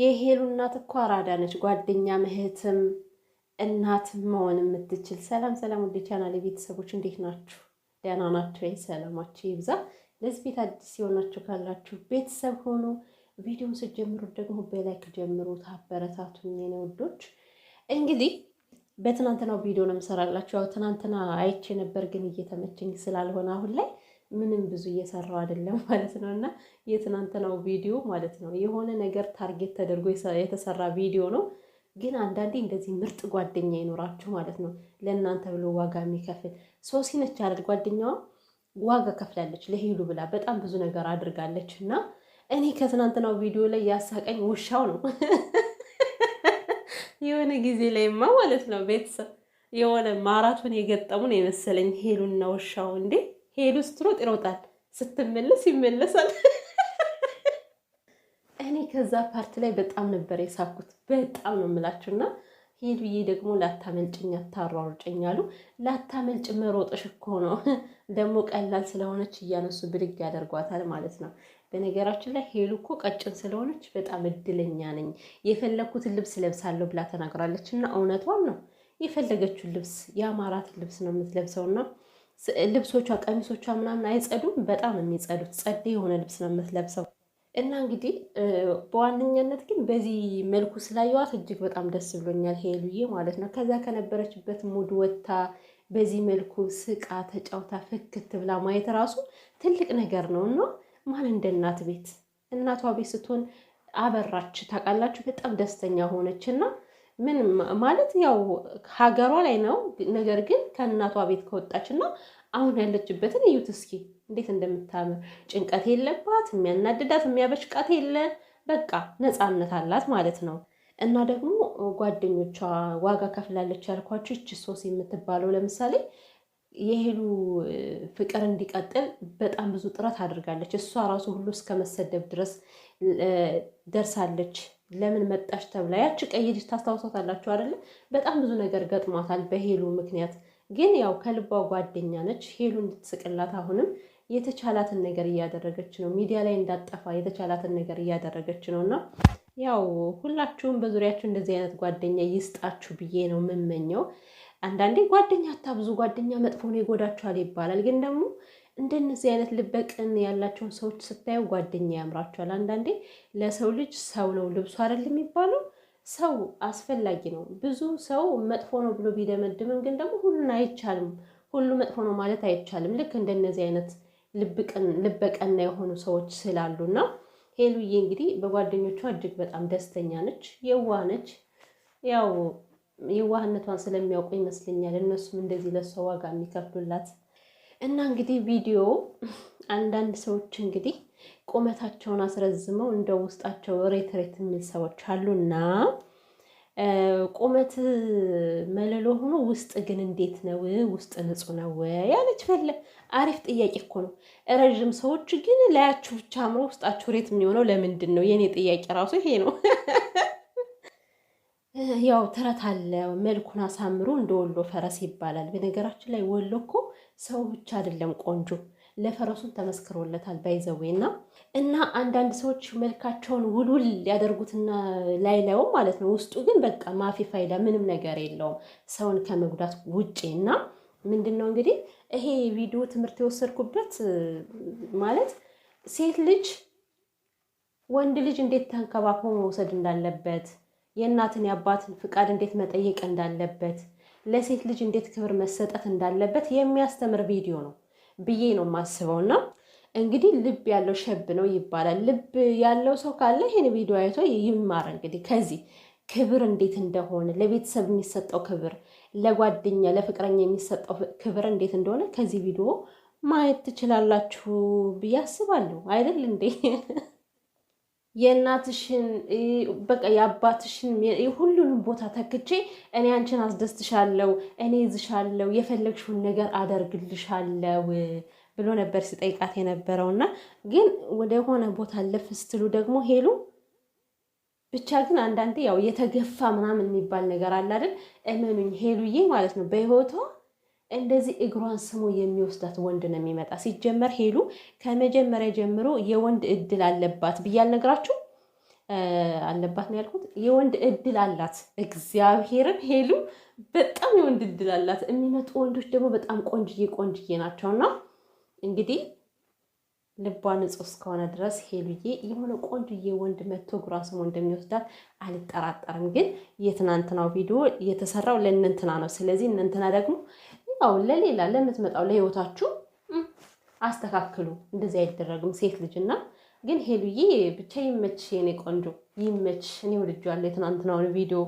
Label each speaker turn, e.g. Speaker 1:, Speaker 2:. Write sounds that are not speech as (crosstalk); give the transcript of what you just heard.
Speaker 1: የሄሉ እናት እኮ አራዳ ነች። ጓደኛ ምህትም እናትም መሆን የምትችል። ሰላም ሰላም፣ ውድ ቻናል ቤተሰቦች እንዴት ናችሁ? ደህና ናችሁ? ይህ ሰላማችሁ ይብዛ። ለዚህ ቤት አዲስ የሆናችሁ ካላችሁ ቤተሰብ ሆኖ ቪዲዮን ስጀምሩት ደግሞ በላይክ ጀምሩት፣ አበረታቱ የኔ ውዶች። እንግዲህ በትናንትናው ቪዲዮ ነው የምሰራላችሁ። ያው ትናንትና አይቼ ነበር ግን እየተመቸኝ ስላልሆነ አሁን ላይ ምንም ብዙ እየሰራው አይደለም (laughs) ማለት ነው። እና የትናንትናው ቪዲዮ ማለት ነው የሆነ ነገር ታርጌት ተደርጎ የተሰራ ቪዲዮ ነው። ግን አንዳንዴ እንደዚህ ምርጥ ጓደኛ ይኖራችሁ ማለት ነው፣ ለእናንተ ብሎ ዋጋ የሚከፍል ሰው ሲነች አይደል? ጓደኛዋ ዋጋ ከፍላለች ለሄሉ ብላ በጣም ብዙ ነገር አድርጋለች። እና እኔ ከትናንትናው ቪዲዮ ላይ ያሳቀኝ ውሻው ነው። (laughs) የሆነ ጊዜ ላይማ ማለት ነው ቤተሰብ የሆነ ማራቶን የገጠሙን የመሰለኝ ሄሉና ውሻው እንዴ ሄዱ ስትሮጥ ይሮጣል፣ ስትመለስ ይመለሳል። (laughs) እኔ ከዛ ፓርት ላይ በጣም ነበር የሳኩት። በጣም ነው የምላችሁ እና ሄዱዬ ደግሞ ላታመልጭኝ አታሯሩጨኝ አሉ። ላታመልጭ መሮጥሽ እኮ ነው። (laughs) ደግሞ ቀላል ስለሆነች እያነሱ ብድግ ያደርጓታል ማለት ነው። በነገራችን ላይ ሄሉ እኮ ቀጭን ስለሆነች በጣም እድለኛ ነኝ የፈለግኩትን ልብስ ለብሳለሁ ብላ ተናግራለች እና እውነቷን ነው። የፈለገችውን ልብስ የአማራትን ልብስ ነው የምትለብሰውና ልብሶቿ፣ ቀሚሶቿ ምናምን አይጸዱም። በጣም የሚጸዱት ጸዴ የሆነ ልብስ ነው የምትለብሰው እና እንግዲህ በዋነኛነት ግን በዚህ መልኩ ስላየዋት እጅግ በጣም ደስ ብሎኛል፣ ሄሉዬ ማለት ነው። ከዛ ከነበረችበት ሙድ ወጥታ በዚህ መልኩ ስቃ ተጫውታ ፍክት ብላ ማየት ራሱ ትልቅ ነገር ነው እና ማን እንደ እናት ቤት እናቷ ቤት ስትሆን አበራች ታውቃላችሁ። በጣም ደስተኛ ሆነች እና ምን ማለት ያው ሀገሯ ላይ ነው። ነገር ግን ከእናቷ ቤት ከወጣች እና አሁን ያለችበትን እዩት እስኪ እንዴት እንደምታምር ጭንቀት የለባት፣ የሚያናድዳት የሚያበሽቃት የለ። በቃ ነፃነት አላት ማለት ነው። እና ደግሞ ጓደኞቿ ዋጋ ከፍላለች ያልኳቸው ይቺ ሶስ የምትባለው ለምሳሌ የሄሉ ፍቅር እንዲቀጥል በጣም ብዙ ጥረት አድርጋለች። እሷ ራሱ ሁሉ እስከ መሰደብ ድረስ ደርሳለች። ለምን መጣሽ ተብላ ያቺ ቀይ ልጅ ታስታውሳታላችሁ አይደለ? በጣም ብዙ ነገር ገጥሟታል በሄሉ ምክንያት። ግን ያው ከልቧ ጓደኛ ነች ሄሉ እንድትስቅላት አሁንም የተቻላትን ነገር እያደረገች ነው። ሚዲያ ላይ እንዳጠፋ የተቻላትን ነገር እያደረገች ነው። እና ያው ሁላችሁም በዙሪያችሁ እንደዚህ አይነት ጓደኛ ይስጣችሁ ብዬ ነው የምመኘው። አንዳንዴ ጓደኛ አታብዙ፣ ጓደኛ መጥፎ ነው ይጎዳችኋል ይባላል። ግን ደግሞ እንደነዚህ አይነት ልበቅን ያላቸውን ሰዎች ስታዩ ጓደኛ ያምራቸዋል። አንዳንዴ ለሰው ልጅ ሰው ነው ልብሱ አይደል የሚባለው። ሰው አስፈላጊ ነው። ብዙ ሰው መጥፎ ነው ብሎ ቢደመድምም ግን ደግሞ ሁሉን አይቻልም፣ ሁሉ መጥፎ ነው ማለት አይቻልም። ልክ እንደነዚህ አይነት ልበቀና የሆኑ ሰዎች ስላሉና ሄሉዬ እንግዲህ በጓደኞቿ እጅግ በጣም ደስተኛ ነች፣ የዋህ ነች። ያው የዋህነቷን ስለሚያውቁ ይመስለኛል እነሱም እንደዚህ ለሷ ዋጋ የሚከፍሉላት እና እንግዲህ ቪዲዮ አንዳንድ ሰዎች እንግዲህ ቁመታቸውን አስረዝመው እንደ ውስጣቸው ሬት ሬት የሚል ሰዎች አሉና ቁመት መለሎ ሆኖ ውስጥ ግን እንዴት ነው? ውስጥ ንጹህ ነው ያለች ፈለ አሪፍ ጥያቄ እኮ ነው። ረዥም ሰዎች ግን ላያችሁ ብቻ አምሮ ውስጣችሁ ሬት የሚሆነው ለምንድን ነው? የእኔ ጥያቄ ራሱ ይሄ ነው። (laughs) ያው ተረት አለ መልኩን አሳምሮ እንደ ወሎ ፈረስ ይባላል። በነገራችን ላይ ወሎ እኮ ሰው ብቻ አይደለም ቆንጆ ለፈረሱን ተመስክሮለታል። ባይዘዌ እና እና አንዳንድ ሰዎች መልካቸውን ውልውል ያደርጉትና ላይ ላዩም ማለት ነው ውስጡ ግን በቃ ማፊ ፋይዳ ምንም ነገር የለውም ሰውን ከመጉዳት ውጪ እና ምንድን ነው እንግዲህ ይሄ ቪዲዮ ትምህርት የወሰድኩበት ማለት ሴት ልጅ ወንድ ልጅ እንዴት ተንከባክቦ መውሰድ እንዳለበት፣ የእናትን የአባትን ፍቃድ እንዴት መጠየቅ እንዳለበት ለሴት ልጅ እንዴት ክብር መሰጠት እንዳለበት የሚያስተምር ቪዲዮ ነው ብዬ ነው የማስበው። እና እንግዲህ ልብ ያለው ሸብ ነው ይባላል። ልብ ያለው ሰው ካለ ይህን ቪዲዮ አይቶ ይማር እንግዲህ ከዚህ ክብር እንዴት እንደሆነ ለቤተሰብ የሚሰጠው ክብር፣ ለጓደኛ ለፍቅረኛ የሚሰጠው ክብር እንዴት እንደሆነ ከዚህ ቪዲዮ ማየት ትችላላችሁ ብዬ አስባለሁ። አይደል እንዴ? (laughs) የእናትሽን በቃ የአባትሽን ሁሉንም ቦታ ተክቼ እኔ አንቺን አስደስትሻለው፣ እኔ ይዝሻለው፣ የፈለግሽውን ነገር አደርግልሻለው ብሎ ነበር ሲጠይቃት የነበረው እና ግን ሆነ ቦታ አለፍ ስትሉ ደግሞ ሄሉ ብቻ ግን አንዳንዴ ያው የተገፋ ምናምን የሚባል ነገር አለ አይደል? እመኑኝ ሄሉዬ ማለት ነው በህይወቷ እንደዚህ እግሯን ስሞ የሚወስዳት ወንድ ነው የሚመጣ። ሲጀመር ሄሉ ከመጀመሪያ ጀምሮ የወንድ እድል አለባት ብዬ አልነግራችሁ አለባት ነው ያልኩት። የወንድ እድል አላት። እግዚአብሔርን ሄሉ በጣም የወንድ እድል አላት። የሚመጡ ወንዶች ደግሞ በጣም ቆንጅዬ ቆንጅዬ ናቸውና እንግዲህ ልቧ ንጹህ እስከሆነ ድረስ ሄሉዬ የሆነ ቆንጆዬ ወንድ መጥቶ እግሯን ስሞ እንደሚወስዳት አልጠራጠርም። ግን የትናንትናው ቪዲዮ የተሰራው ለእነ ነው። ስለዚህ እነ ደግሞ ያው ለሌላ ለምትመጣው ለህይወታችሁ አስተካክሉ። እንደዚህ አይደረግም ሴት ልጅ እና ግን ሄሉዬ ብቻ ይመች የኔ ቆንጆ ይመች። እኔ ወድጄዋለሁ የትናንትናውን ቪዲዮ